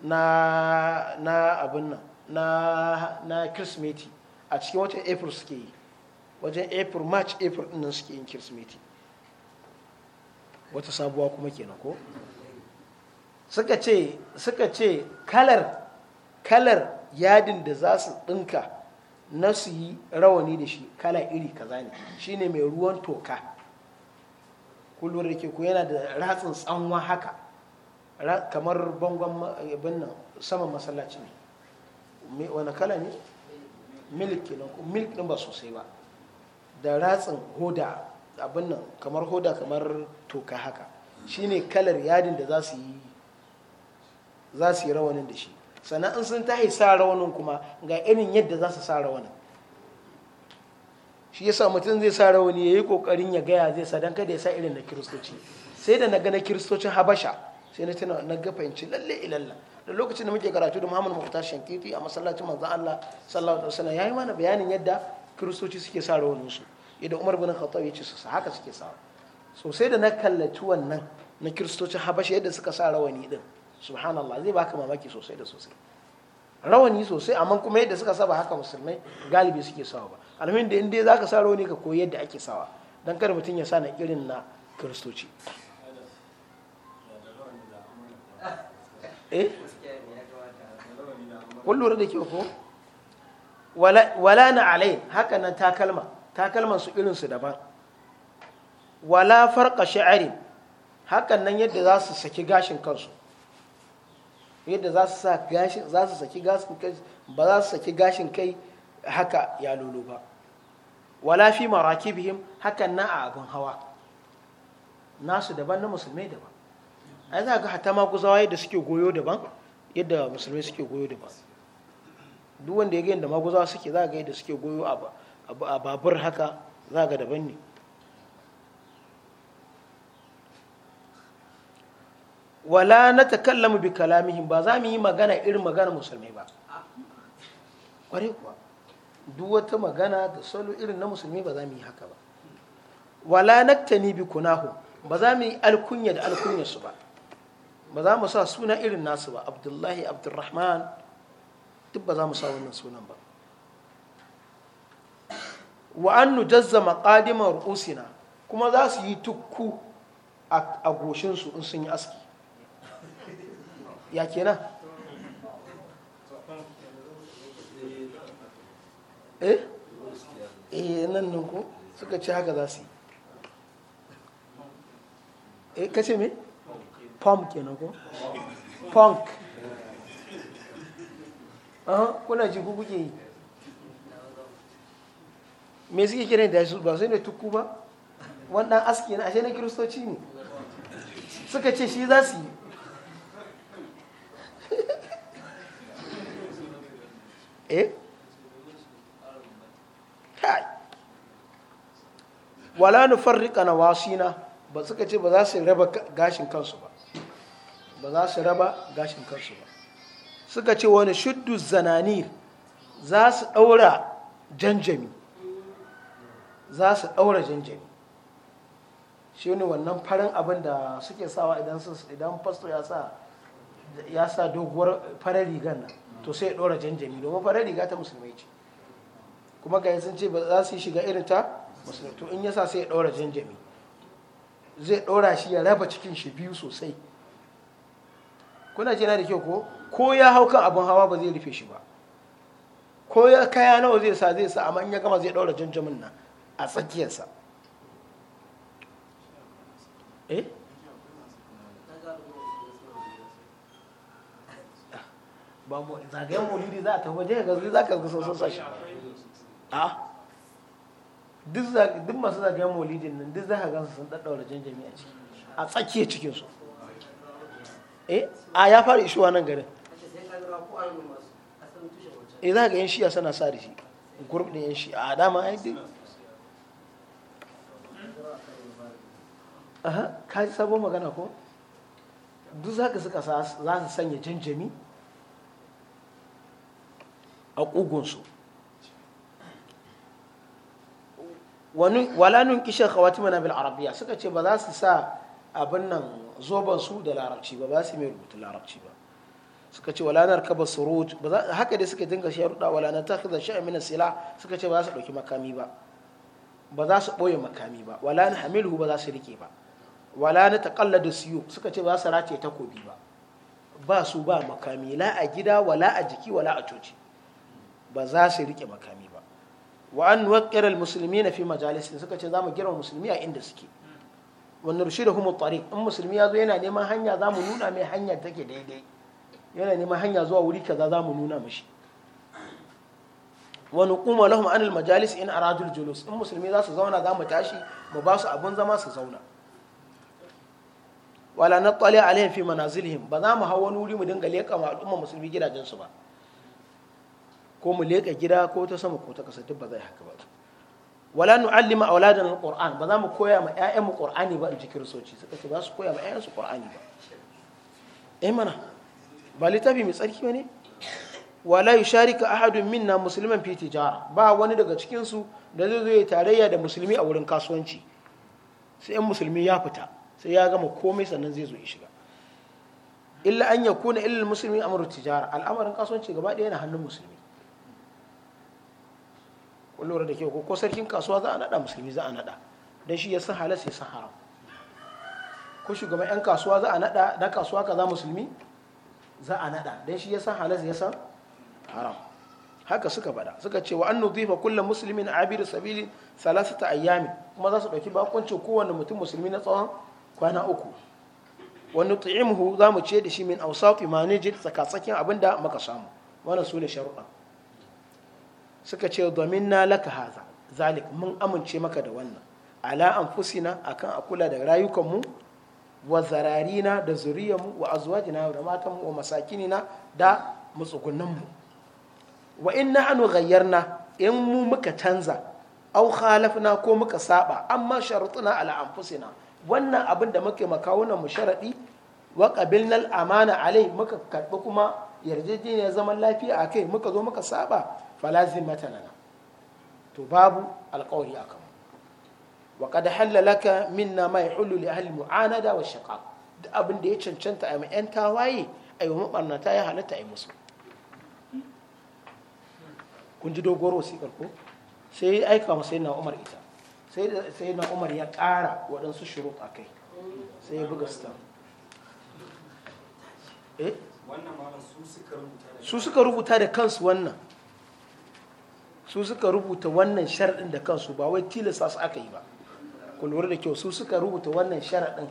Speaker 1: na abin nan na kirsimeti a cikin watan april suke yi wajen april march april nan suke yin kirsimeti wata sabuwa kuma kenan ko suka ce suka ce kalar kalar yadin da za su ɗinka na su yi rawani da shi kala iri kaza ne mai ruwan toka kullum da ke ku yana da ratsin tsanwa haka kamar bangon abin nan saman masallaci ne wani kala ne milk ɗin ba sosai ba da ratsin hoda abin nan kamar hoda kamar toka haka shine kalar yadin da za su yi rawanin da shi sannan in sun tahi sa rawanin kuma ga irin yadda za su sa rawanin shi yasa mutum zai sa rawani ya yi kokarin ya gaya zai sa don kada ya sa irin na kiristoci sai da na ga kiristocin habasha sai na tana na ga fahimci lalle ilalla da lokacin da muke karatu da muhammad muhtar shankiti a masallacin manzan allah sallallahu alaihi wasallam ya yi mana bayanin yadda kiristoci suke sa rawaninsu idan umar bin khattab ya ce su haka suke sawa sosai da na kallaci wannan na kiristocin habasha yadda suka sa rawani din subhanallah zai baka mamaki sosai da sosai rawani sosai amma kuma yadda suka saba haka musulmai galibi suke sawa ba almin da inda zaka sa rawani ka koyi yadda ake sawa dan kada mutum ya sa na irin na kiristoci eh da ko wala na alai haka nan takalma takalman su irin su daban wala farka sha'rin hakan nan yadda za su saki gashin kansu yadda za su sa gashin za su saki gashin kai ba za su saki gashin kai haka ya lolo ba wala fi marakibihim hakan na a abin hawa nasu daban na musulmai daban ai za ga hatta maguzawa yadda suke goyo daban yadda musulmai suke goyo daban duk wanda ya ga yadda maguzawa suke za ga yadda suke goyo a ba. a babur haka za ga daban ne wala na takallamu bi kalamihim ba za mu yi magana irin magana musulmai ba kware kuwa duk wata magana da salo irin na musulmi ba za mu yi haka ba wala naktani bi kunahu ba za mu yi alkunya da alkunyarsu ba ba za mu sa suna irin nasu ba abdullahi abdurrahman duk ba za mu sa wannan sunan ba wa an nujazza maqadima ru'usina kuma za su yi tukku a goshinsu in sun yi aski ya kenan eh eh nan nan ko suka ci haka za su yi eh kace me pump kenan ko punk kuna ji ku kuke yi me suke kiran da shi ba sai ne tukku ba wannan aski na ashe na kiristoci ne suka ce shi za su yi eh kai wala na wasina ba suka ce ba za su raba gashin kansu ba ba za su raba gashin kansu ba suka ce wani shuddu zananir za su daura janjami za su ɗaura jinjiri shi ne wannan farin abin da suke sawa idan idan fasto ya sa ya sa doguwar farar rigar nan to sai ya ɗora janjami domin farar riga ta musulmai ce kuma ga sun ce ba za su yi shiga irin ta musulmai to in ya sa sai ya ɗora janjami zai ɗora shi ya raba cikin shi biyu sosai kuna jina da kyau ko ko ya hau kan abin hawa ba zai rufe shi ba ko ya kaya nawa zai sa zai sa amma in ya gama zai ɗora janjamin nan a tsakiyarsa eh? ba mu zagayen maulidi za a tafi je ga za ka ga sosan sashi a duk masu zagayen maulidin nan duk za ka gansu sun daddaura janjami a ciki a tsakiyar cikinsu eh a ya fara ishuwa nan garin eh za ka ga shi shiya suna sa da shi gurbin ɗin yan a dama yi duk aha ka ji sabon magana ko duk za ka suka za su sanya janjami a kugun su wala nun kishin khawatima na bil arabiya suka ce ba za su sa abin nan zoben su da larabci ba ba su mai rubutu larabci ba suka ce wala nar kaba surut haka dai suka dinga sharuɗa wala na takhidha shay'an min sila suka ce ba za su ɗauki makami ba ba za su ɓoye makami ba wala na hamilu ba za su rike ba wala na da siyo suka ce ba su rataye takobi ba ba su ba makami la a gida wala a jiki wala a coci ba za su riƙe makami ba wa an waƙirar musulmi na fi majalisin suka ce za mu girma musulmi a inda suke wani rushe da kuma tsari in musulmi ya zo yana neman hanya za mu nuna mai hanya take daidai yana neman hanya zuwa wuri kaza za mu nuna mashi wani kuma lahum anil majalis in aradul julus in musulmi za su zauna za mu tashi mu ba su abin zama su zauna wala na tsali alayhim fi manazilihim ba za mu hau wani wuri mu dinga leƙa ma al'umma musulmi gidajensu ba ko mu leƙa gida ko ta sama ko ta ƙasa duk ba zai haka ba wala nu'allima auladan alquran ba za mu koya ma ƴaƴan mu qur'ani ba in ji kiristoci su ce ba su koya ma ƴaƴan su qur'ani ba eh mana ba littafi mai tsarki bane wala yusharika ahadun minna musliman fi tijara ba wani daga cikin su da zai zo ya tarayya da musulmi a wurin kasuwanci sai 'yan musulmi ya fita sai ya gama komai sannan zai zo ya shiga illa an yi kuna illal musulmi amru tijara al'amarin kasuwanci gaba ɗaya na hannun musulmi kullum da ke ko sarkin kasuwa za a naɗa musulmi za a naɗa don shi ya san halas ya san haram ko shugaban 'yan kasuwa za a naɗa na kasuwa ka za musulmi za a naɗa don shi ya san halas ya san haram haka suka bada suka ce wa annu kullum musulmi na abir sabili ta ayyami kuma za su ɗauki bakoncin kowanne mutum musulmi na tsawon kwana uku wani tu'imhu za mu ce da shi min ausati manajir tsakatsakin abin da muka samu wannan su ne sharuɗa suka ce domin na laka haza zalik mun amince maka da wannan ala fusina akan a kula da rayukanmu wa zararina da zuriyarmu wa azwajina da matanmu wa masakinina da matsugunanmu wa in na hannu gayyarna in mu muka canza au khalafna ko muka saba amma sharutuna ala fusina wannan abin da muke makawunan mu sharaɗi wa qabilnal amana alai muka karɓi kuma yarjejeniyar zaman lafiya a muka zo muka saba falazim matalana to babu alƙawari a kanmu wa qad halalaka minna ma yahullu li ahli mu'anada wa shaqa duk abin da ya cancanta a yan tawaye a yi mabarnata ya halatta a musu kun ji dogoro sai ko sai aika musu na umar ita sai na umar ya ƙara waɗansu shuru a kai sai ya buga stan eh? su suka rubuta da kansu wannan su suka rubuta wannan sharaɗin da kansu ba wai tilasta su aka yi ba kulwar da kyau su suka rubuta wannan sharaɗin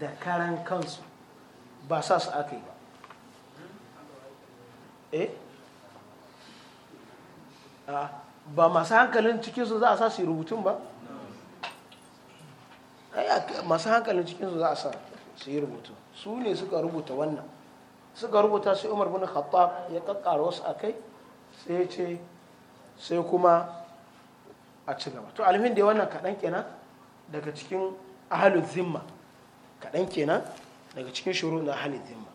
Speaker 1: da karan kansu ba sa su aka yi ba eh? ah, ba masu hankalin cikinsu za a sa su yi rubutun ba masu hankalin cikinsu za a sa su yi rubutu su ne suka rubuta wannan suka rubuta sai umar bin khattab ya kakkara wasu a kai sai ya ce sai kuma a ci gaba to alhin da wannan kaɗan kenan daga cikin ahalin zimma kaɗan kenan daga cikin shuru na ahalin zimma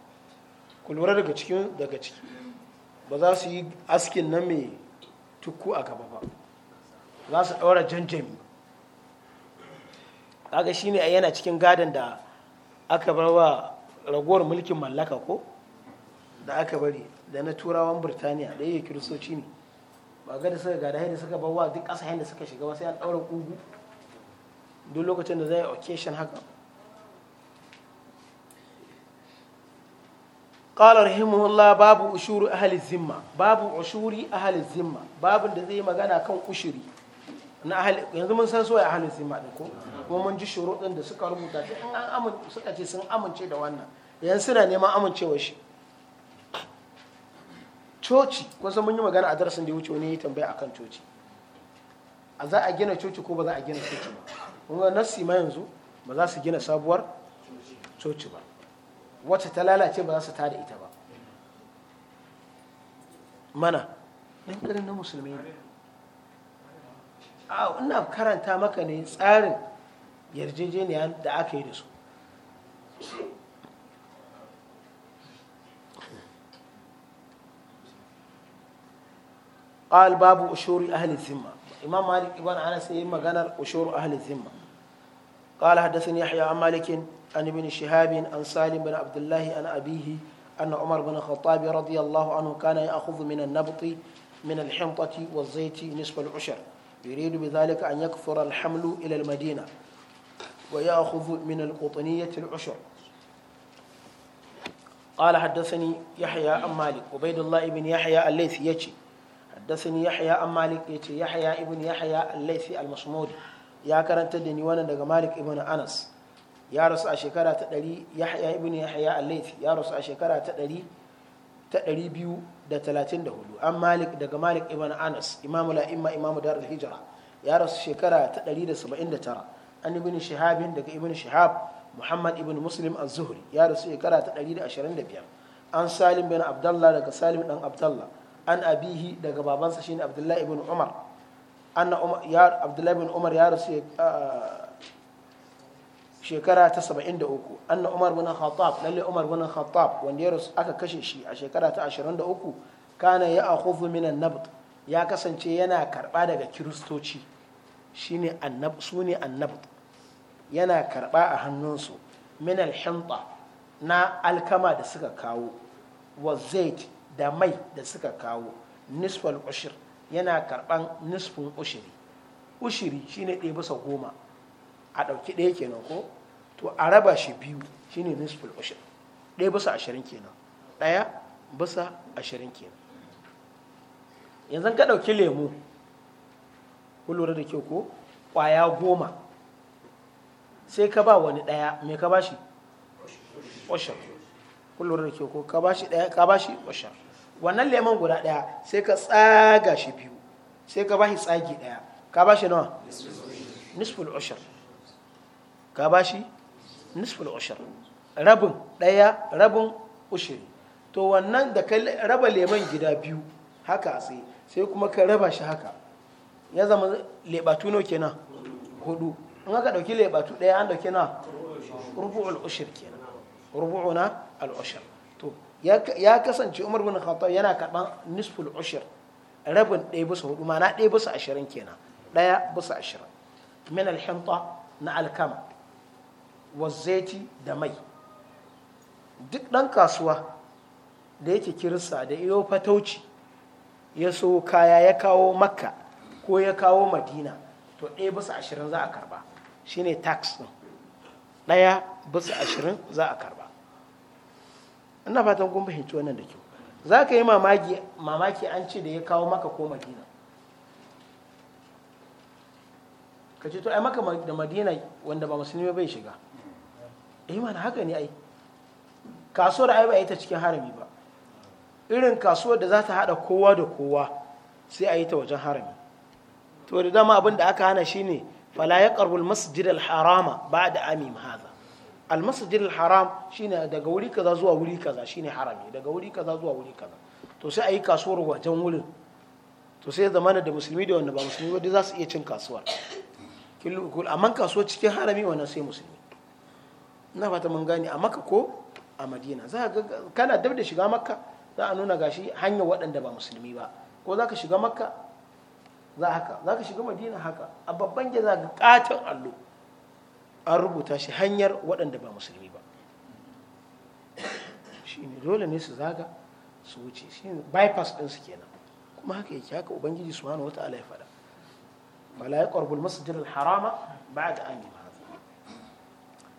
Speaker 1: ku lura daga cikin daga ciki ba za su yi askin na mai tukku a gaba ba za su ɗaura janjami kaga shine yana cikin gadon da aka bar wa ragowar mulkin mallaka ko da aka bari da na turawan birtaniya da yake kirisoci ne ba ga da suka gada da suka bawa duk ƙasa da suka shiga ba sai an ɗaura ƙugu duk lokacin da zai occasion haka قال رحمه الله باب أشور أهل الذمة باب أشور أهل الذمة باب الذي مغانا كان أشري na ahli yanzu mun san soyayya ahalin sima din ko kuma mun ji shuruɗin da suka rubuta shi in an amin suka ce sun amince da wannan yan suna neman amincewa shi coci kun mun yi magana a darasin da ya wuce wani yi tambaya akan coci a za a gina coci ko ba za a gina coci ba kun ga nassi ma yanzu ba za su gina sabuwar coci ba wacce ta lalace ba za su tada ita ba mana ɗan ƙarin na musulmi ne قال باب أشور أهل الذمة إمام مالك ابن أنس يما غنر أشور أهل الذمة قال حدثني يحيى عن مالك عن ابن شهاب عن سالم بن عبد الله عن أبيه أن عمر بن الخطاب رضي الله عنه كان يأخذ من النبط من الحنطة والزيت نصف العشر يريد بذلك أن يكثر الحمل إلى المدينة ويأخذ من القطنية العشر قال حدثني يحيى عن مالك عبيد الله بن يحيى الليثي يجي حدثني يحيى عن مالك يجي يحيى ابن يحيى الليثي المصمودي يا كرنت دني وانا دغ مالك ابن انس يا رس اشكرا تدري يحيى ابن يحيى الليثي يا رس اشكرا تدري ta 234 an malik daga malik ibn anas imamu la'imma imamu dar al-hijra ya rasu shekara ta 179 an ibn shahabin daga ibn shahab muhammad ibn muslim az-zuhri ya rasu shekara ta 125 an salim bin abdallah daga salim dan abdallah an abihi daga babansa shine abdullahi ibn umar anna umar ya abdullahi ibn umar ya rasu ah, shekara ta 73 anna umar bin khattab lalle umar bin khattab wanda ya rasu aka kashe shi a shekara ta 23 kana ya akhufu min annabt ya kasance yana karba daga kiristoci shine annab sune annabt yana karba a hannunsu min al-hinta na alkama da suka kawo wa zait da mai da suka kawo nisfal ushir yana karban nisfin ushiri ushiri shine ɗaya bisa goma a ɗauki ɗaya kenan ko to a raba shi biyu shine nisful ushur ɗaya bisa ashirin kenan ɗaya bisa ashirin kenan yanzu ka ɗauki lemu ku lura da kyau ko ƙwaya goma sai ka ba wani ɗaya me ka ba shi ushur ku lura da kyau ko ka ba shi ɗaya ka ba shi ushur wannan lemon guda ɗaya sai ka tsaga shi biyu sai ka ba shi tsagi ɗaya ka ba shi nawa nisful ushur ka ba shi nisful ushur rabin daya rabin ushuri to wannan da ka raba leman gida biyu haka a sai kuma ka raba shi haka ya zama lebatu nau kenan hudu in aka ɗauki lebatu daya an ɗauki na rubu'ul ushur kenan rubu'una al'ushur to ya kasance umar bin khattab yana karɓan nisful ushur rabin ɗaya bisa hudu ma'ana ɗaya bisa ashirin kenan ɗaya bisa ashirin min alhinta na al alkama wazzaiti da mai duk ɗan kasuwa da yake kirista da iyo fatauci ya so kaya ya kawo makka ko ya kawo madina to ɗaya bisa ashirin za a karba shine tax ɗin ɗaya bisa ashirin za a karba ina fatan kun fahimci wannan da kyau za ka yi mamaki an ce da ya kawo maka ko madina ka ce to ai maka da madina wanda ba musulmi bai shiga eh mana haka ne ai kasuwar ai ba a yi ta cikin harami ba irin kasuwar da za ta haɗa kowa da kowa sai a yi ta wajen harami to da dama abin da aka hana shine fala ya karbul masjid al-harama ba da amim haza al-masjid al-haram shine daga wuri kaza zuwa wuri kaza shine harami daga wuri kaza zuwa wuri kaza to sai a yi kasuwar wajen wurin to sai zamana da musulmi da wanda ba musulmi ba za su iya cin kasuwar amma kasuwar cikin harami wannan sai musulmi ina fata mun gane a makka ko a madina za ka kana dab da shiga makka za a nuna gashi hanyar waɗanda ba musulmi ba ko za ka shiga makka za haka za ka shiga madina haka a babban gida ga katon allo an rubuta shi hanyar waɗanda ba musulmi ba shi ne dole ne su zaga su wuce shi ne bypass su kenan kuma haka yake haka ubangiji hana wata ya faɗa ya yaqrabul masjidal harama ba'da amina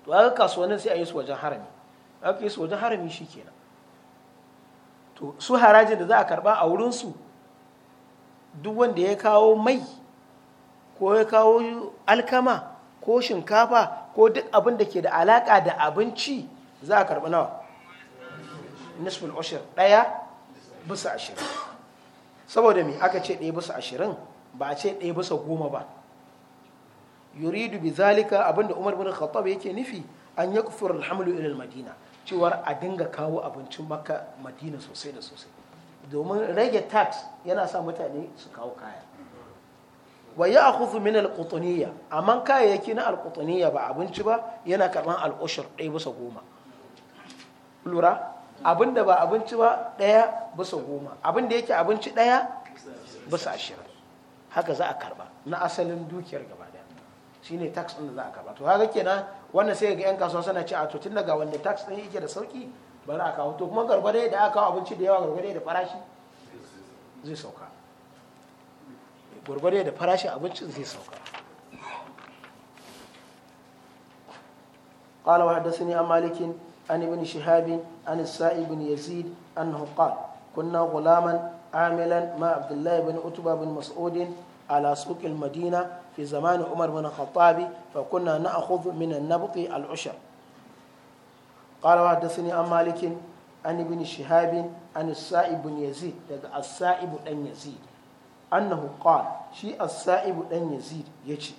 Speaker 1: to aka kasuwannin sai a yi su wajen harami aka yi su wajen harami shi kenan to su harajin da za a karba a wurinsu duk wanda ya kawo mai ko ya kawo alkama ko shinkafa ko duk abin da ke da alaka da abinci za a karba nawa nisful ushir daya bisa ashirin saboda me aka ce ɗaya bisa ashirin ba a ce ɗaya bisa goma ba yuridu bi zalika abinda umar bin khattab yake nufi an ya kufur alhamlu ila madina cewar a dinga kawo abincin maka madina sosai da sosai domin rage tax yana sa mutane su kawo kaya wa ya akhudhu min alqutaniya amma kayayyaki na alqutaniya ba abinci ba yana karban al'ushur ɗaya bisa goma lura abinda ba abinci ba ɗaya bisa goma abinda yake abinci ɗaya bisa ashirin haka za a karba na asalin dukiyar gaba shine tax din da za a karba to haka kenan wannan sai ga yan kasuwa suna ci a to tun daga wanda tax din yake da sauki bari a kawo to kuma gargwade da aka kawo abinci da yawa gargwade da farashi zai sauka gargwade da farashin abincin zai sauka قال وحدثني عن مالك عن ابن شهاب عن السائب بن يزيد أنه قال كنا غلاما عاملا مع عبد الله بن عتبة بن مسعود على سوق في زمان عمر بن الخطاب فكنا نأخذ من النبط العشر قال وحدثني عن مالك عن ابن شهاب عن السائب بن يزيد السائب بن يزيد أنه قال شيء السائب بن يزيد يجي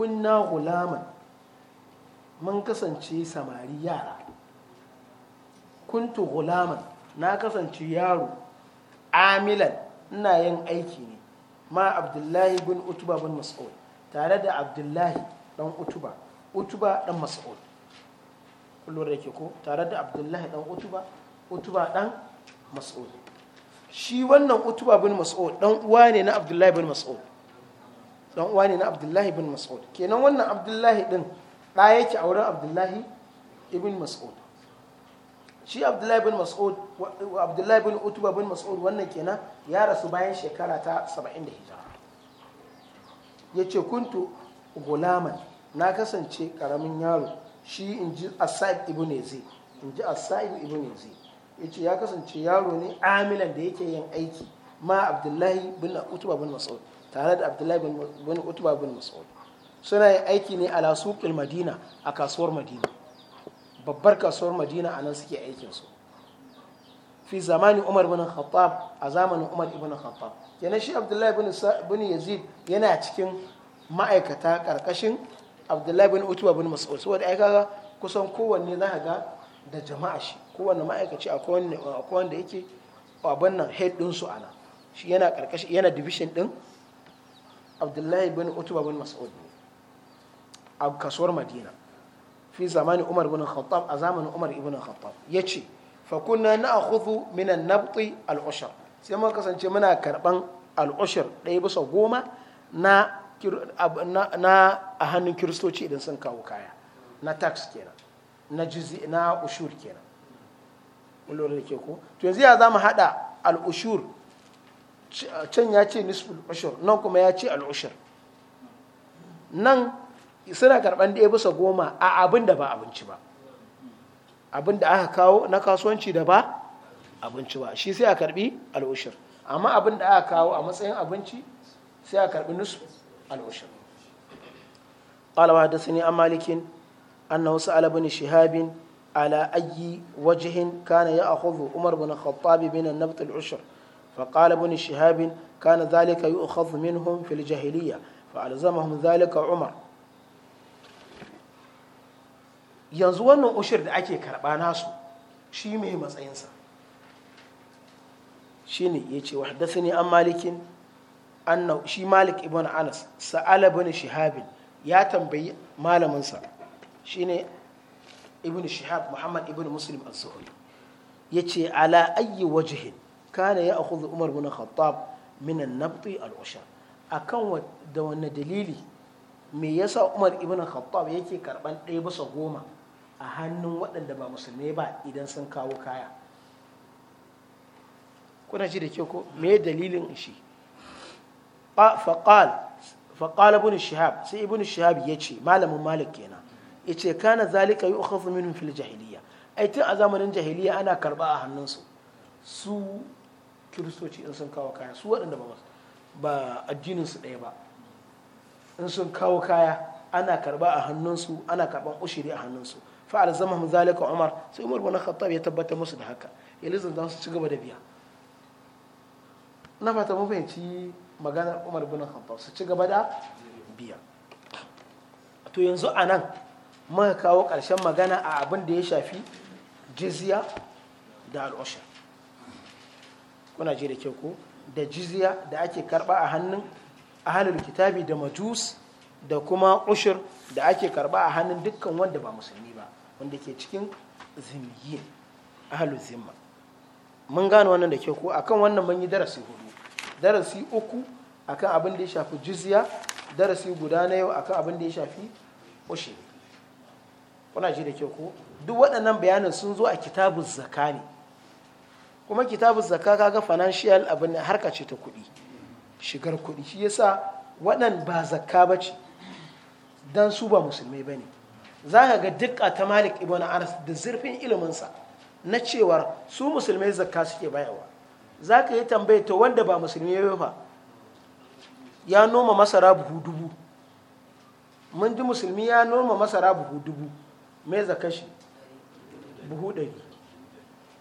Speaker 1: kunna gulaman mun kasance samari yara kuntu gulaman na kasance yaro amilan ina yin aiki ne ma abdullahi bin utuba bin mas'ud tare da abdullahi dan utuba utuba dan mas'ud kullum da yake ko tare da abdullahi dan utuba utuba dan mas'ud shi wannan utuba bin mas'ud dan uwa ne na abdullahi bin mas'ud dan uwa ne na abdullahi bin mas'ud kenan wannan abdullahi din da yake a wurin abdullahi ibn mas'ud shi abdullahi bin mas'ud abdullahi bin utuba bin mas'ud wannan kenan ya rasu bayan shekara ta 70 da hijira ce kuntu gulaman na kasance karamin yaro shi in ji asa'id ibu ne zai in ji asa'id Ibu ne zai. ya ce ya kasance yaro ne amilan da yake yin aiki ma abdullahi bin utuba bin mas'ud tare da abdullahi bin utuba bin mas'ud suna yin aiki ne a suqil madina a kasuwar madina babbar kasuwar madina a nan suke aikinsu fi zamanin umar bin khattab a zamanin umar ibn khattab yana shi abdullahi bin yazid yana cikin ma'aikata karkashin abdullahi bin utuba bin mas'ud saboda ai kaga kusan kowanne za ga da jama'a shi kowanne ma'aikaci a kowanne da yake abin nan head din su ana shi yana karkashin yana division din abdullahi bin utuba bin mas'ud a kasuwar madina fi zamani umar ibn khattab a zamanin umar ibn khattab yace fa kunna na min an-nabti al sai muka kasance muna karban al-ushr ɗaya bisa goma na a hannun kiristoci idan sun kawo kaya na tax kenan na juzi na ushur kenan kullum da ke ko to yanzu ya hada can ya ce nisful ushur nan kuma ya ce al nan suna karɓan ɗaya bisa goma a abin da ba abinci ba abin da aka kawo na kasuwanci da ba abinci ba shi sai a karɓi al'ushir amma abin da aka kawo a matsayin abinci sai a karɓi nusu al'ushir قال وحدثني عن مالك أنه سأل بن umar على أي وجه كان يأخذ عمر بن الخطاب من النبت العشر فقال ابن شهاب كان ذلك يؤخذ منهم في الجاهلية فألزمهم ذلك عمر yanzu wannan ushir da ake karɓa nasu shi mai matsayinsa shi ne ya ce ne an malikin anna shi malik ibn anas sa'ala bin shihabin ya tambayi malaminsa shi ne ibn shihab muhammad ibn muslim al zuhri ya ce ala ayyi wajihin kana ya akhudhu umar bin khattab min an-nabti al-ushar akan da wanne dalili me yasa umar ibn khattab yake karban ɗaya bisa goma a hannun waɗanda ba musulmai ba idan sun kawo kaya kuna ji da ke ko me dalilin shi faƙal ibn shihab sai ibn shihab ya ce malamin malik kenan ya ce kana zalika yi ukhafu minhum fil jahiliya ai tun a zamanin jahiliya ana karba a hannunsu su kiristoci in sun kawo kaya su waɗanda ba ba addinin su ɗaya ba in sun kawo kaya ana karba a hannunsu ana karban ushiri a hannunsu fa zama zalika umar sai umar bin khattab ya tabbata musu da haka ya za su ci gaba da biya na fata mun fahimci maganar umar bin khattab su ci gaba da biya to yanzu anan muka kawo ƙarshen magana a abin da ya shafi jiziya da al'ushar kuna ji da ke ko da jiziya da ake karɓa a hannun ahalul kitabi da majus da kuma ushur da ake karɓa a hannun dukkan wanda ba musulmi wanda ke cikin zimmiyin ahalu zimma mun gane wannan da ke ko akan wannan mun yi darasi hudu darasi uku akan abin da ya shafi jizya darasi guda na yau akan abin da ya shafi ushe kuna ji da ke ko duk waɗannan bayanin sun zo a kitabun zaka ne kuma kitabun zaka kaga financial abin harka ce ta kuɗi shigar kuɗi shi yasa waɗannan ba zakka ba ce don su ba musulmai ba ne za ka ga dukka ta malik ibn anas da zurfin iliminsa na cewar su musulmai zakka suke bayarwa za ka yi tambaye ta wanda ba musulmi ya fa ya noma masara buhu dubu mun ji musulmi ya noma masara buhu dubu mai zakka shi buhu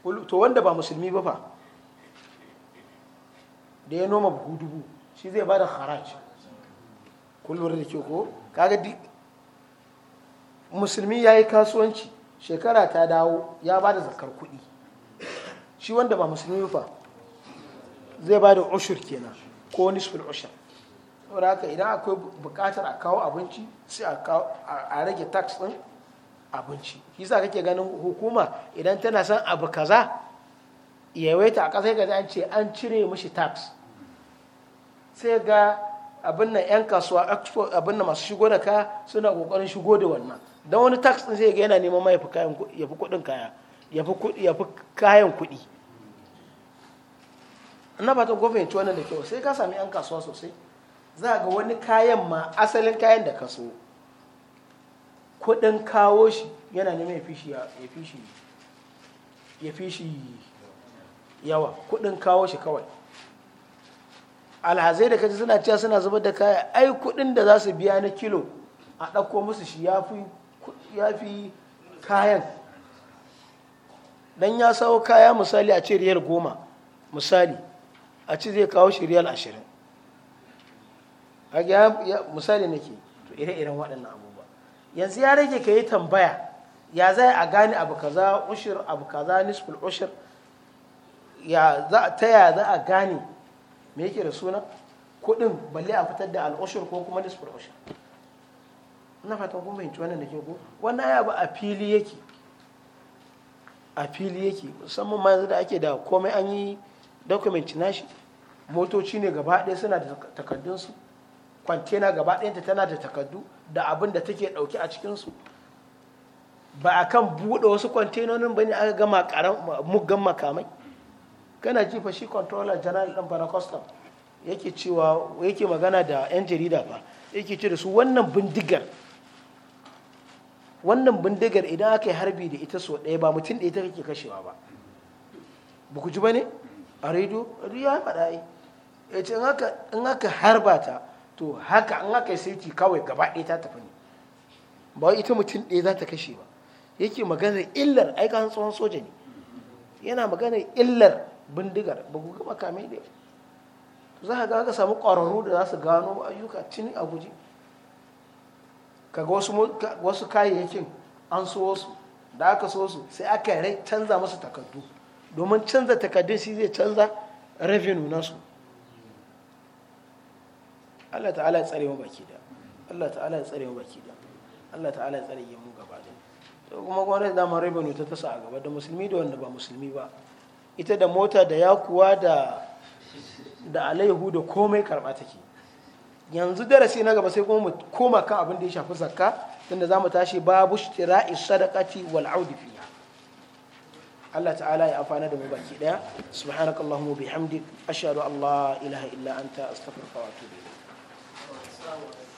Speaker 1: ɗari to wanda ba musulmi ba fa da ya noma buhu dubu shi zai ba da haraj kullum da ke ko kaga musulmi ya yi kasuwanci shekara ta dawo ya ba da zakar kuɗi shi wanda ba musulmi fa zai ba da ushur kenan ko nisfin ushur saboda haka idan akwai buƙatar a kawo abinci sai a rage tax ɗin abinci shi sa kake ganin hukuma idan tana son abu kaza waita a ƙasar gaza an ce an cire mashi tax sai ga abin nan 'yan kasuwa abin nan masu shigo da ka suna ƙoƙarin shigo da wannan don wani tax din zai ga yana neman ma ya fi kudin kaya ya fi kayan kudi na fatan ko fahimci wannan da kyau sai ka sami yan kasuwa sosai za ga wani kayan ma asalin kayan da ka so kudin kawo shi yana neman ya fi shi ya fi shi yawa kudin kawo shi kawai alhazai da kaji suna cewa suna zubar da kaya ai kudin da za su biya na kilo a ɗauko musu shi ya fi ya fi kayan don ya sawo kaya misali a ce riyal goma misali a ci zai kawo shi riyal ashirin misali nake to ire-iren waɗannan abubuwa yanzu ya rage ka yi tambaya ya zai a gane abu kaza ushir abu kaza nisful ushir ya za ta ya za a gane me yake da suna kuɗin balle a fitar da al'ushir ko kuma nisful ushir na fatan kun fahimci wannan da ke ko wannan ya ba a fili yake a fili yake musamman ma yanzu da ake da komai an yi na nashi motoci ne gaba ɗaya suna da takardunsu kwantena gaba ɗayanta tana da takardu da abin da take ɗauke a cikinsu ba a kan buɗe wasu kwantenonin ba ne aka gama muggan makamai kana jifa shi controller general ɗan bana kwastam. yake cewa yake magana da 'yan jarida ba yake ce da su wannan bindigar wannan bindigar idan aka yi harbi da ita so ɗaya ba mutum da ita kake kashewa ba ba ku ji ba ne a rediyo ya faɗa yi ya ce in aka harba ta to haka in aka yi sirki kawai gaba ɗaya ta tafi ne ba ita mutum ɗaya za ta kashe ba yake maganar illar aika tsohon soja ne yana maganar illar bindigar ba ku gaba kame da za ka ga aka samu ƙwararru da za su gano ayyuka cini a guji kaga wasu kayayyakin an so su da aka so su sai aka rai canza masu takardu domin canza takardu shi zai canza revenue nasu Allah ta'ala ya tsare mu baki da Allah ta'ala ya tsare mu baki da Allah ta'ala ya tsare mu gaba da to kuma gwamnati da man revenue ta tasa a gaba da musulmi da wanda ba musulmi ba ita da mota da yakuwa da da alaihu da komai karba take yanzu darasi na gaba sai kuma mu koma kan abin da ya shafi zakka tunda za mu tashi babu shira'i sadaqati wal audi fiha Allah ta'ala ya amfana da mu baki daya subhanakallahumma bihamdik ashhadu an la ilaha illa anta astaghfiruka wa atubu ilayk